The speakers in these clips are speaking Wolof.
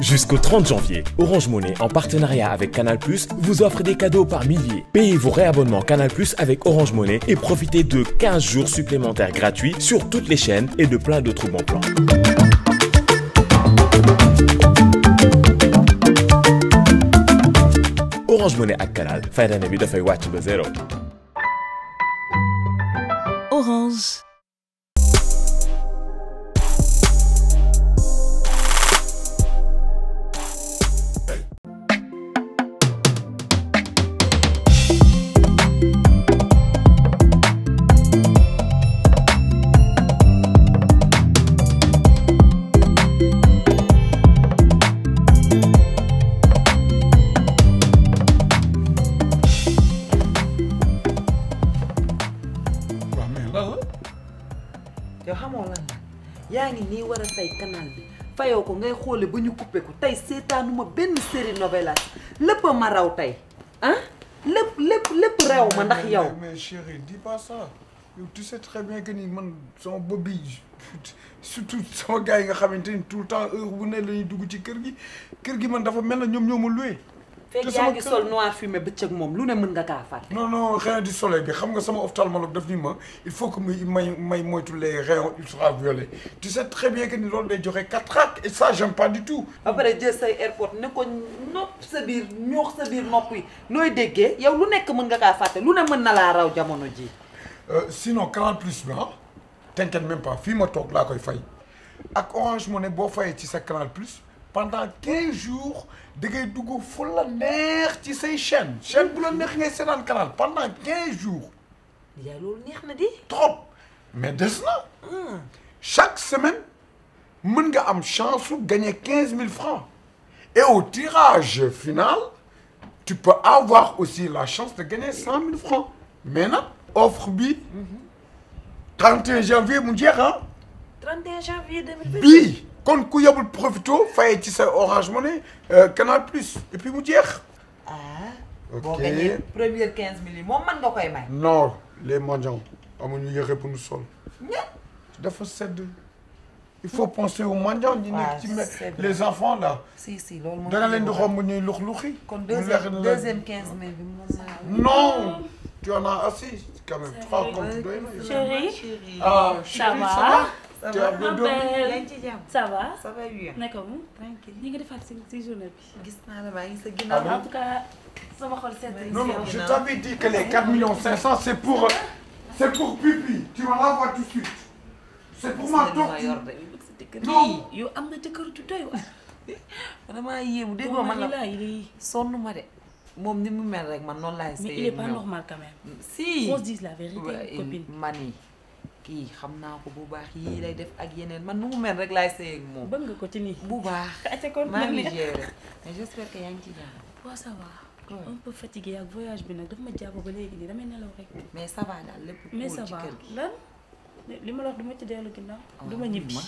Jusqu'au 30 janvier, Orange Monnaie, en partenariat avec Canal+, vous offre des cadeaux par milliers. Payez vos réabonnements Canal+, avec Orange Monnaie et profitez de jours supplémentaires gratuits sur toutes les chaînes et de plein d'autres bons plans. Orange Monnaie ak Canal, fayda bi dafay wàcc ba zéro. Orange yaa ngi nii war a fay canal bi fayoo ko ngay xoole ba ñu coupé ko tey seetaanuma benn série novelas lépp ma raw tey ah lépp lépp lépp raw ma ndax yow. mais chérie dis pas ça yow tu sais très bien que ni man sama bopp surtout sama gars yi nga xamante ni tout le temps heure bu ne la dugg ci kër gi kër gi man dafa mel na ñoom ñoo ma loué. fekk yaa ngi sol noir fumé bëccëg moom lu ne mën nga kaa fàtte. non non rayon du soleil bi xam nga sama ophtalmologue daf ni ma il faut que muy may may moytu les rayons ultraviolets tu sais très bien que ni loolu day joxe cataracte et ça j'aime pas du tout. ba pare jël say airport ne ko nopp sa biir ñoox sa biir nopp nooy déggee yow lu nekk mën nga kaa fàtte lu ne mën na laa raw jamono ji euh, sinon Canal Plus bi ah t'inquiète même pas fii ma toog laa koy fay ak Orange Money boo fayee ci sa Canal pendant 15 jours da ngay dugg fu la neex ci say chaîne chaîne bu la mhm. neex ngay seetaan canal pendant 15 jours. yaa loolu neex trop mais des na. Hmm. chaque semaine mën nga am chance su gagner quinze mille francs et au tirage final tu peux avoir aussi la chance de gagner 100 000 francs mais nag offre bi. Mhm. janvier mu jeex ah. 31 janvier kon ku yebul profito fayee ci sa Orange Money euh, Canal Plus et puis mu jeex. ah. ok boo gañee première quinze mille moom mën nga koy may. non les mendiants amuñu yére pour ñu sol. dafa sedd. il faut penser aux mendiants ñi nekk ah, ci les enfants là. si si loolu moom dana leen di xom bu ñuy lux luxi. kon deuxième deuxième quinze non. tu en as assez quand même. trois comptes doy na. chérie. ah chérie ça ça va ça va ça va bien naka mu tranquille ni nga defaat si si journée bi. gis naa la maa ngi sa ginnaaw en tout cas sama xol sedd non non je t'avais dit que les 4 millions 500 c'est pour c'est pour Pipi tu vas la voir tout de suite. c'est pour ma tortue non yow am na jëkkër ju doy waar. vraiment yéemu déggoo man la sonn ma de. moom ni mu mel rek man noonu laay. mais il est pas normal quand même. si on se dit la vérité copine mani. kii xam naa ko bu baax yii lay def ak yeneen man nu mu mel rek laay sëy ak moom. bëgg nga ko ci nii bu baax. maa ngi géré mais j'espère que yaa ngi ci jàmm. ak voyage bi nag daf ma jàpp ba léegi nii damay mais ça lépp. mais ça va li ma la du ma ci dellu ginnaaw. Oh, du ma ñibbi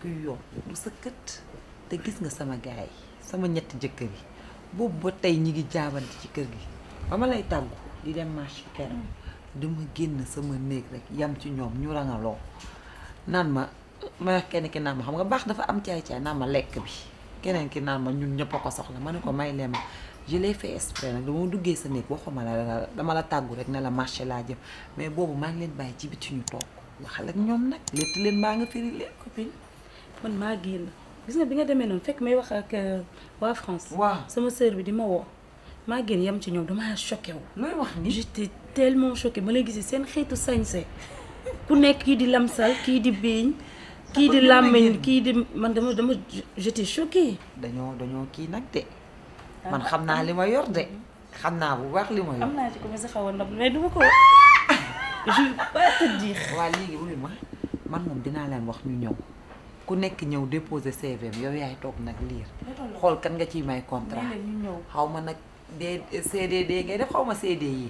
kuy yomb bu sa kët te gis nga sama gaay yi sama ñett jëkkër yi boobu ba tey ñi ngi jaabante ci kër gi ba ma lay tàggu di dem marché keroog mm. dama génn sama néeg rek yam ci ñoom ñu rangaloo naan ma ma wax kenn ki naan ma xam nga baax dafa am caay-caay naan ma lekk bi keneen ki naan ma ñu ñëpp a ko soxla ma ne ko may leen ma je duggee sa néeg waxuma dama la tàggu rek ne la marché laa jëm mais boobu maa ngi leen bàyyi ci biti ñu toog waxal ak ñoom nag létt leen maa nga firi leen copine man maa génn gis nga bi nga demee noonu fekk may wax ak euh, waa France sama sœur bi di ma woo maa génn yam ci ñëw dama choqué wu. looy wax ni tellement choqué ma lay gisee seen xeetu sañse ku nekk kii di lamsal kii di biiñ. kii di làmmiñ kii di man dama dama j'étais choqué. dañoo dañoo kii nag de ah, man xam naa li ma yor de xam naa bu baax li ma yor. am naa ci ko mos a xaw man moom dinaa leen wax ñu ñëw ku nekk ñëw déposer CV yow yaay toog nag liir xool kan nga ciy may contrat xaw ma nag. D ma CD yi.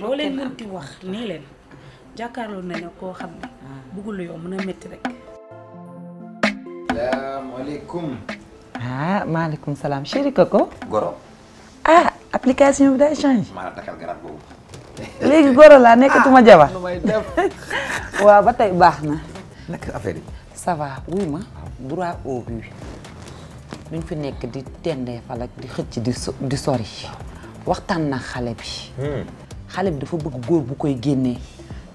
bu leen jàkkaarloo nañu koo ah. bëggul lu yomb na rek. Ah, maaleykum salaam chéri Coco. Goro. ah léegi Goro laa nekk ah, jabar. lu may def. waaw ba tey baax na. naka affaire ma droit au but. ñu fi nekk di tendee fal ak di xëcc di sori waxtaan na xale bi hmm. xale bi dafa bëgg góor bu koy génnee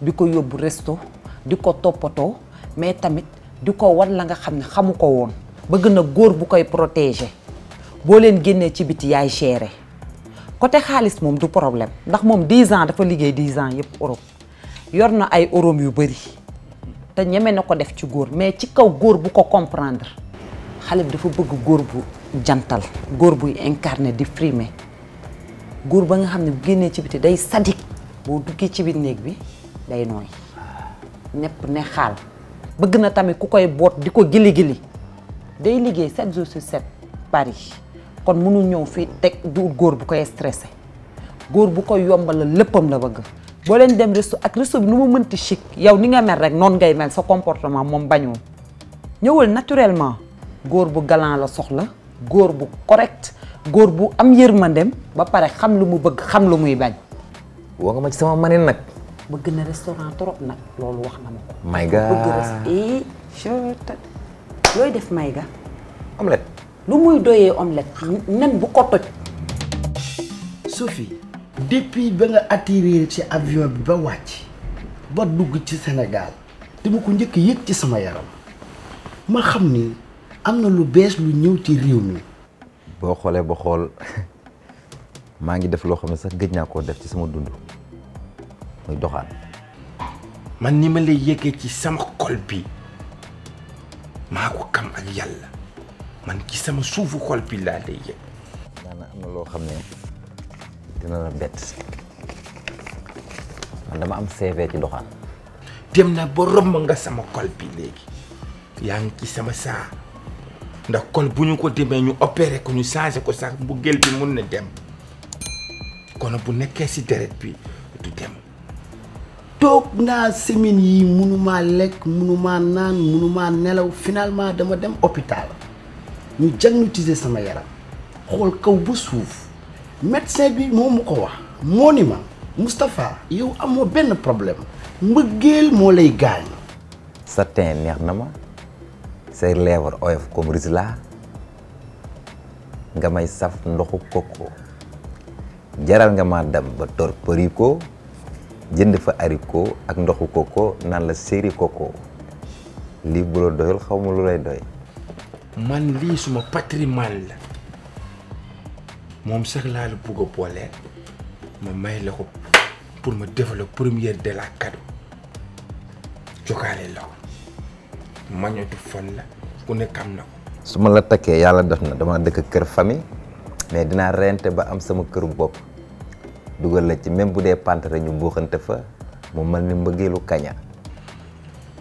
di ko yóbbu resto di ko toppatoo mais tamit di ko wan la nga xam ne xamu ko woon bëgg na góor bu koy protéger boo leen génnee ci biti yaay géré côté xaalis moom du problème ndax moom 10 ans dafa liggéey 10 ans yëpp Europe yor na ay orom yu bëri te ñeme na ko def ci góor mais ci kaw góor bu ko comprendre xale bi dafa bëgg góor bu jantal góor buy incarné di frimer góor ba nga xam ne bu génnee ci biti day sadik boo duggee ci biir néeg bi day nooy nepp ne xaal bëgg na tamit ku koy boot di ko gili-gili day liggéey 7 jours sur 7 Paris kon mënul ñëw fii teg du góor bu koy stressé góor bu koy yombal yombalal léppam la bëgg boo leen dem resto ak resto bi nu mu mënti chic yow ni nga mel rek noonu ngay mel sa comportement moom bañoo ñëwal naturellement góor bu galant la soxla góor bu correct góor bu am yërmandem ba pare xam lu mu bëgg xam lu muy bañ. woo nga ma ci sama manin nag. bëgg na restaurant trop nag loolu wax na ma ko. Mayga bëgg eh, looy def Mayga. omelette. lu muy doyee omelette. nen bu ko toj. Sophie depuis ba nga attiré ci avion bi ba wàcc ba dugg ci Sénégal dama ko njëkk yëg ci sama yaram ma xam ni. am na lu bees lu ñëw ci réew mi. boo xoolee ba xool maa ngi def loo xam ne sax gëj naa koo def ci sama dund muy doxaan. man ni ma lay yëgee ci sama xol bi maa ko kam ak yàlla man ci sama suufu xol bi laa lay yëg. am na loo xam ne dina dama am CV ci doxaan. dem na ba romb nga sama xol bi léegi yaa ngi ci sama saa. ndax col bu ñu ko demee ñu opéré ko ñu changé ko sax mbëggeel bi mun na dem kono bu nekkee ci deret bi du dem toog naa semaine yi munumaa lekk munumaa naan munumaa nelaw finalement dama dem hôpital ñu diagnostiqué sama yaram xool kaw ba suuf médecin bi moo mu ko wax moo ni ma Moustapha yow amoo benn problème mbëggeel moo lay gaañ sa teen neex na ma say lèvre oyof comme risla nga may saf ndoxu koko jaral nga ma dem ba tor përiko jënd fa ariko ak ndoxu koko naan la séeri koko lii bu la doyul xaw ma lu lay doy man lii suma patrimoine la moom sax laa la bugg a booleel ma may la ko pour ma defal la première de la cadeau la ko mañetu fan la ku ne am na ko. su ma la takkee yàlla def na dama dëkk kër famille mais dinaa rente ba am sama këru bopp dugal la ci même bu dee pantere ñu buuxante fa mu mel ni mbëggeelu kaña.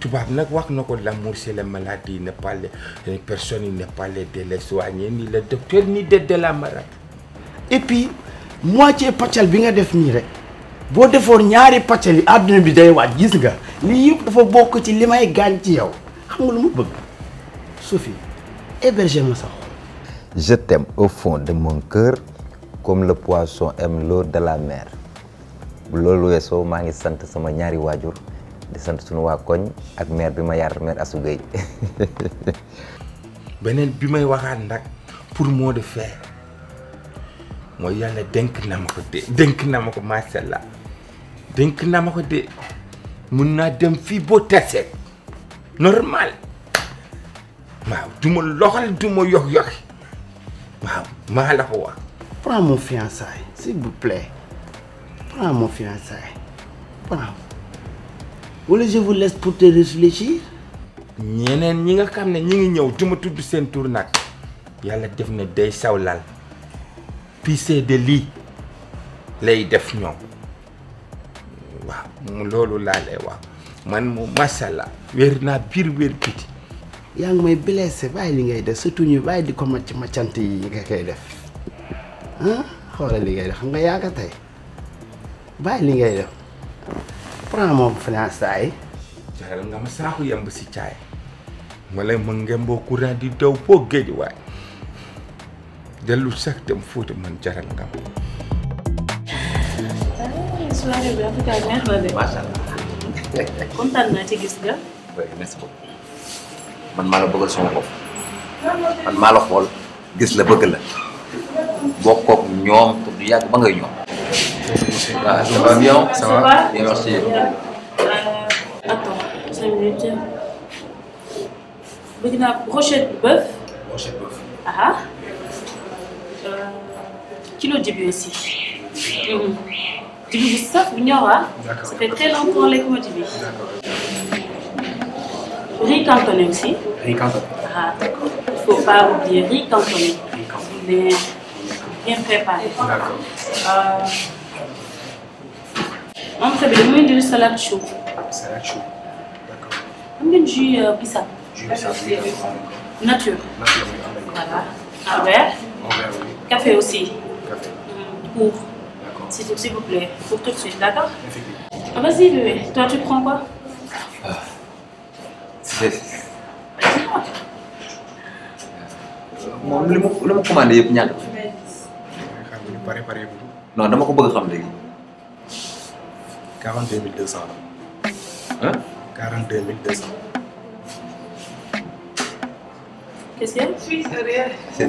tubaab nag wax na ko l'amour c'est la maladie ne pas les personnes ne pas les de les soigner ni le docteur ni de de la maladie. et puis moitié pàccal bi nga def nii rek boo defoon ñaari pàccal yi àdduna bi day waat gis nga li yëpp dafa bokk ci li may gaañ ci yow. xam nga mu bëgg Sophie héberger ma sa xol. je au fond de mon cœur comme le poisson aime l'eau de la mer loolu weesoo maa ngi sant sama ñaari waajur di sant sunu waa koñ ak mère bi ma yar mère Assou Gueye beneen bi may waxaat nag pour mot de fer mooy yàlla dénk na ma ko de dénk na ko na ma de mun naa dem fii boo teseet normal waaw du ma loxal du ma yox yoxi waaw maa la ko wax. prends mon fiançailles s'il vous plaît prends mon fiançailles prends wala je vous laisse pour te réfléchir. ñeneen ñi nga xam ne ñi ngi ñëw du tudd seen tur nag yàlla def na day sawlal pisser de lii lay def ñoom waaw mu loolu laa lay wax. man moom macha wér naa biir wér biti yaa ngi may blessé bàyyi li ngay def surtout ñu bàyyi di ko macc maccant yi nga koy def ah xoolal li ngay def xam nga yaa nga li ngay def prend moom finance yi jaral nga ma saaku yemb si caay ma ma ngemboo courant di daw boo géej waay dellu sax dem fóota man jaral nga ma. kontaan naa ci gis nga. man maa la bëggal sama bopp man maa la xool gis la bëgg la bokkook ñoom te du yàgg ba ngay ñoom. waaw ah, ça va bien ça va bien merci. Euh, attends cinq bëgg naa brochette bœuf. brochette bœuf. ah, ah. Euh, kilo Gustave Niora. ça fait très longtemps lekk ma ci bi. riz cantonné ah d'accord il faut pas oublier riz cantonné. riz bien préparé. d'accord. moom tamit dama indil nature. nature voilà. café aussi. S'il vous plaît, pour tout de suite, d'accord ah, Vas-y, bébé. Toi, tu prends quoi euh, C'est... moom li ma li ma commandé yëpp ñaata. non dama ko bëgg xam léegi. quarante deux mille deux cent la. ah. quarante deux mille deux cent. quest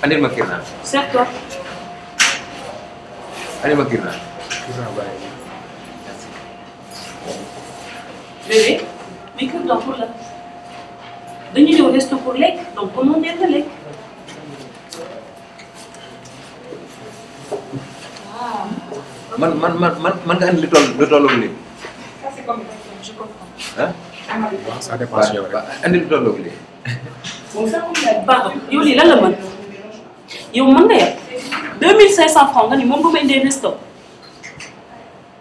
andil ma kirnaan. seet ko. andil ma kirnaan. kirnaan bàyyi. bébé. la. dañu ñëw resto pour man man man man nga andi lu toll lu tolloog lii. je comprends. ah. la mën. yow mën nga yem 2500 francs nga ni moom bu may indee resto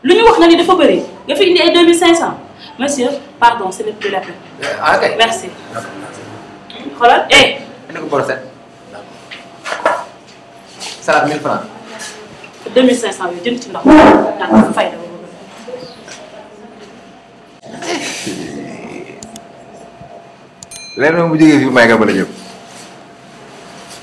lu ñu wax nga ni dafa bëri nga fi indi ay 2500 monsieur pardon ce n'est plus la peine. Ah, eh. ko borset. salade 1000 francs. 2500 bi ci ndox mi daanaka fay la. lenn moom bu jógee fii may nga mën a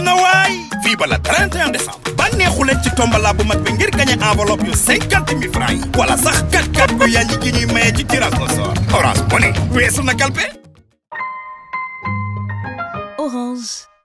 na fii ba la 31 décembre bànneexu leen ci tombala bu mag bi ngir gagné enveloppe yu 50 000 francs yi wala sax 4-4 gu yàlla gi ñuy maye ci tirage au na kalpe Orange